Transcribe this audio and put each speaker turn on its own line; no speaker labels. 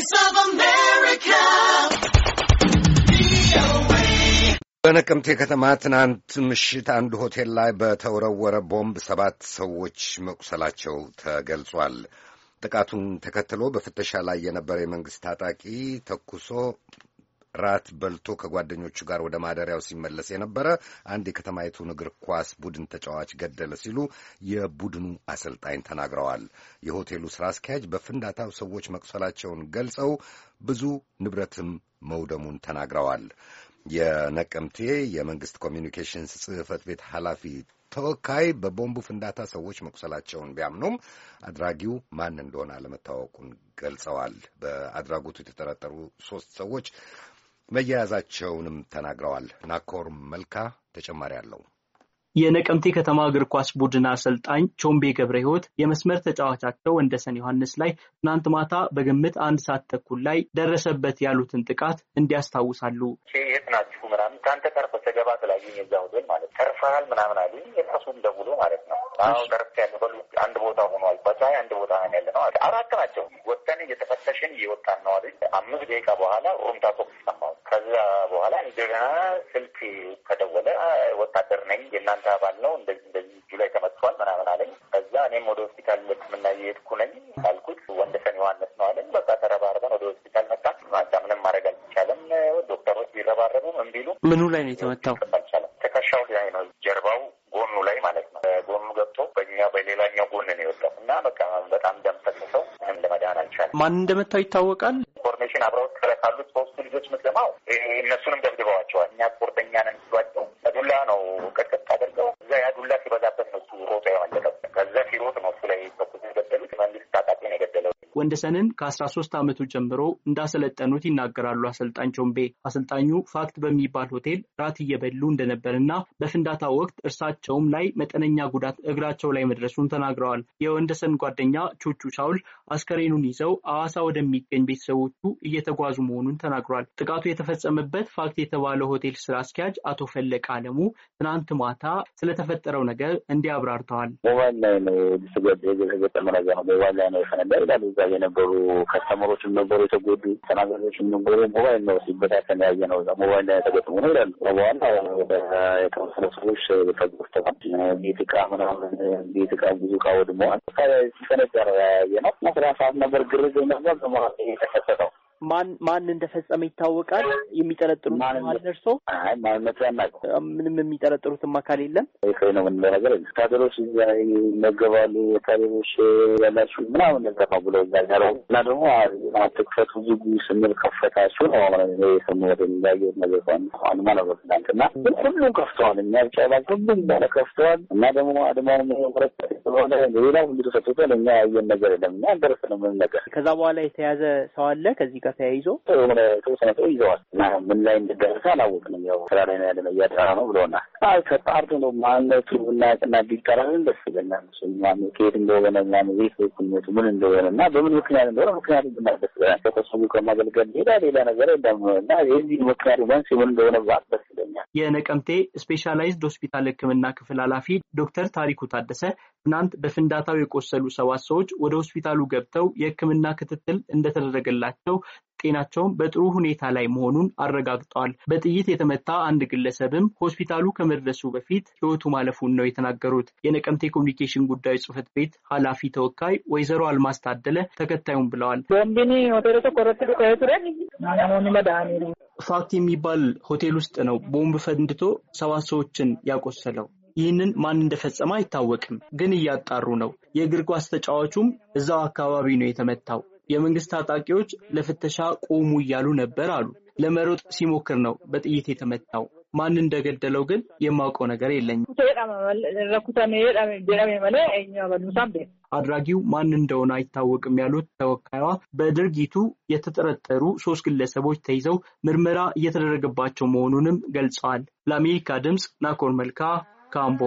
Voice of America.
በነቀምቴ ከተማ ትናንት ምሽት አንድ ሆቴል ላይ በተወረወረ ቦምብ ሰባት ሰዎች መቁሰላቸው ተገልጿል። ጥቃቱን ተከትሎ በፍተሻ ላይ የነበረ የመንግስት ታጣቂ ተኩሶ ራት በልቶ ከጓደኞቹ ጋር ወደ ማደሪያው ሲመለስ የነበረ አንድ የከተማይቱን እግር ኳስ ቡድን ተጫዋች ገደለ ሲሉ የቡድኑ አሰልጣኝ ተናግረዋል። የሆቴሉ ስራ አስኪያጅ በፍንዳታው ሰዎች መቁሰላቸውን ገልጸው ብዙ ንብረትም መውደሙን ተናግረዋል። የነቀምቴ የመንግስት ኮሚኒኬሽንስ ጽህፈት ቤት ኃላፊ ተወካይ በቦምቡ ፍንዳታ ሰዎች መቁሰላቸውን ቢያምኑም አድራጊው ማን እንደሆነ አለመታወቁን ገልጸዋል። በአድራጎቱ የተጠረጠሩ ሶስት ሰዎች መያያዛቸውንም ተናግረዋል። ናኮር መልካ ተጨማሪ አለው።
የነቀምቴ ከተማ እግር ኳስ ቡድን አሰልጣኝ ቾምቤ ገብረ ሕይወት የመስመር ተጫዋቻቸው ወንደሰን ዮሐንስ ላይ ትናንት ማታ በግምት አንድ ሰዓት ተኩል ላይ ደረሰበት ያሉትን ጥቃት እንዲያስታውሳሉ።
የት ናችሁ ምናምን ከአንተ ጋር በተገባ ተላዩኝ የዛ ሆቴል ማለት ተርፈሃል ምናምን አሉ። የራሱን ደውሎ ማለት ነው። አሁ ደረስ ያለ በሉ አንድ ቦታ ሆኗል። በፀሐይ አንድ ቦታ ነው ያለ ነው። አራት ናቸው። ወጥተን እየተፈተሽን እየወጣን ነው አሉኝ። አምስት ደቂቃ በኋላ ሩምታ ቶክስ ሰማ ከዛ በኋላ እንደገና ስልክ ከደወለ ወታደር ነኝ የእናንተ አባል ነው እንደዚህ እንደዚህ እጁ ላይ ተመትቷል ምናምን አለኝ። ከዛ እኔም ወደ ሆስፒታል ሕክምና እየሄድኩ ነኝ አልኩት። ወንደሰን ዮሐንስ ነው አለኝ። በቃ ተረባርበን ወደ ሆስፒታል መጣ። ማዛ ምንም ማድረግ አልቻለም። ዶክተሮች ቢረባረቡ ምን ቢሉ
ምኑ ላይ ነው የተመታው?
አልቻለም። ትከሻው ላይ ነው ጀርባው ጎኑ ላይ ማለት ነው። ጎኑ ገብቶ በእኛ በሌላኛው ጎን ነው የወጣው እና በቃ
ማን እንደመታው ይታወቃል።
ኢንፎርሜሽን አብረውት ካሉት ሶስቱ ልጆች ምትለማው እነሱንም ደብድበዋቸዋል። እኛ ስፖርተኛ ነን ሲሏቸው ዱላ ነው ቅጥቅጥ አድርገው እዛ ያ ዱላ ሲበዛ
ወንደሰንን ከ13 ዓመቱ ጀምሮ እንዳሰለጠኑት ይናገራሉ አሰልጣኝ ቾምቤ። አሰልጣኙ ፋክት በሚባል ሆቴል ራት እየበሉ እንደነበርና በፍንዳታ ወቅት እርሳቸውም ላይ መጠነኛ ጉዳት እግራቸው ላይ መድረሱን ተናግረዋል። የወንደሰን ጓደኛ ቹቹ ሻውል አስከሬኑን ይዘው አዋሳ ወደሚገኝ ቤተሰቦቹ እየተጓዙ መሆኑን ተናግሯል። ጥቃቱ የተፈጸመበት ፋክት የተባለው ሆቴል ስራ አስኪያጅ አቶ ፈለቀ አለሙ ትናንት ማታ ስለተፈጠረው ነገር እንዲህ አብራርተዋል።
ሞባይል ላይ ነው የተገጠመ ነገር ነው። ሞባይል ላይ ነው የፈነዳ ይላሉ እዛ የነበሩ ከስተመሮችም ነበሩ፣ የተጎዱ ተናጋሪዎችም ነበሩ። ሞባይል ነው ሲበታተን ያየ ነው። እዛ ሞባይል ላይ ተገጥሞ ነው ይላሉ። በኋላ ወደ የተወሰነ ሰዎች ተጎድተዋል። ቤት እቃ ምናምን ቤት እቃ ብዙ እቃ ወድመዋል። ሲፈነዳ ነው ያየ ነው። ስራ ሰዓት ነበር፣ ግርግር ነበር።
የተከሰተው ማን ማን እንደፈጸመ ይታወቃል? የሚጠረጥሩት ማን ደርሶ ምንም የሚጠረጥሩትም አካል የለም።
ይሄ ነው ምን ነገር ወታደሮች እዚያ ይመገባሉ፣ ወታደሮች ያላችሁ ምናምን ነዘፋ ብሎ ይዛኛል እና ደግሞ አትክፈቱ ዝጉ ስንል ከፈታችሁ ነው ስም ወደ ሚዛየ ነገር አድማ ማለት ትናንትና። ግን ሁሉም ከፍተዋል፣ እኛ ብቻ ባል ሁሉም ባለ ከፍተዋል። እና ደግሞ አድማው ምረት ስለሆነ ሌላ ሁሉ ተሰጥቶታል። እኛ ያየን ነገር የለም እና ደረሰ ነው ምን ነገር
ከዛ በኋላ የተያዘ ሰው አለ ከዚህ ጋር ጋር ተያይዞ ጥሩ ሆነ ሰው ይዘዋል እና ምን ላይ
እንደደረሰ አላወቅንም። ያው ስራ ላይ ያለ እያጠራ ነው ብለውናል። ተጣርቶ ነው ማነቱ ብናቅና ቢጠራልን ደስ ይለናል። ከየት እንደሆነ ቤት ምን እንደሆነ እና በምን ምክንያት እንደሆነ ምክንያቱ ብናቅ ይለናል። ከተሰሙ ከማገልገል ሌላ ሌላ ነገር የለም እና የዚህ ምክንያቱ መንስኤ ምን እንደሆነ ባቅ ደስ
የነቀምቴ ስፔሻላይዝድ ሆስፒታል ሕክምና ክፍል ኃላፊ ዶክተር ታሪኩ ታደሰ ትናንት በፍንዳታው የቆሰሉ ሰባት ሰዎች ወደ ሆስፒታሉ ገብተው የሕክምና ክትትል እንደተደረገላቸው ጤናቸውም በጥሩ ሁኔታ ላይ መሆኑን አረጋግጠዋል። በጥይት የተመታ አንድ ግለሰብም ሆስፒታሉ ከመድረሱ በፊት ህይወቱ ማለፉን ነው የተናገሩት። የነቀምቴ ኮሚኒኬሽን ጉዳዮች ጽፈት ቤት ኃላፊ ተወካይ ወይዘሮ አልማስ ታደለ ተከታዩም ብለዋል። ፋክት የሚባል ሆቴል ውስጥ ነው ቦምብ ፈንድቶ ሰባት ሰዎችን ያቆሰለው። ይህንን ማን እንደፈጸመ አይታወቅም፣ ግን እያጣሩ ነው። የእግር ኳስ ተጫዋቹም እዛው አካባቢ ነው የተመታው። የመንግስት ታጣቂዎች ለፍተሻ ቆሙ እያሉ ነበር አሉ። ለመሮጥ ሲሞክር ነው በጥይት የተመታው። ማን እንደገደለው ግን የማውቀው ነገር የለኝም። አድራጊው ማን እንደሆነ አይታወቅም ያሉት ተወካይዋ በድርጊቱ የተጠረጠሩ ሶስት ግለሰቦች ተይዘው ምርመራ እየተደረገባቸው መሆኑንም ገልጸዋል። ለአሜሪካ ድምፅ ናኮር መልካ ካምቦ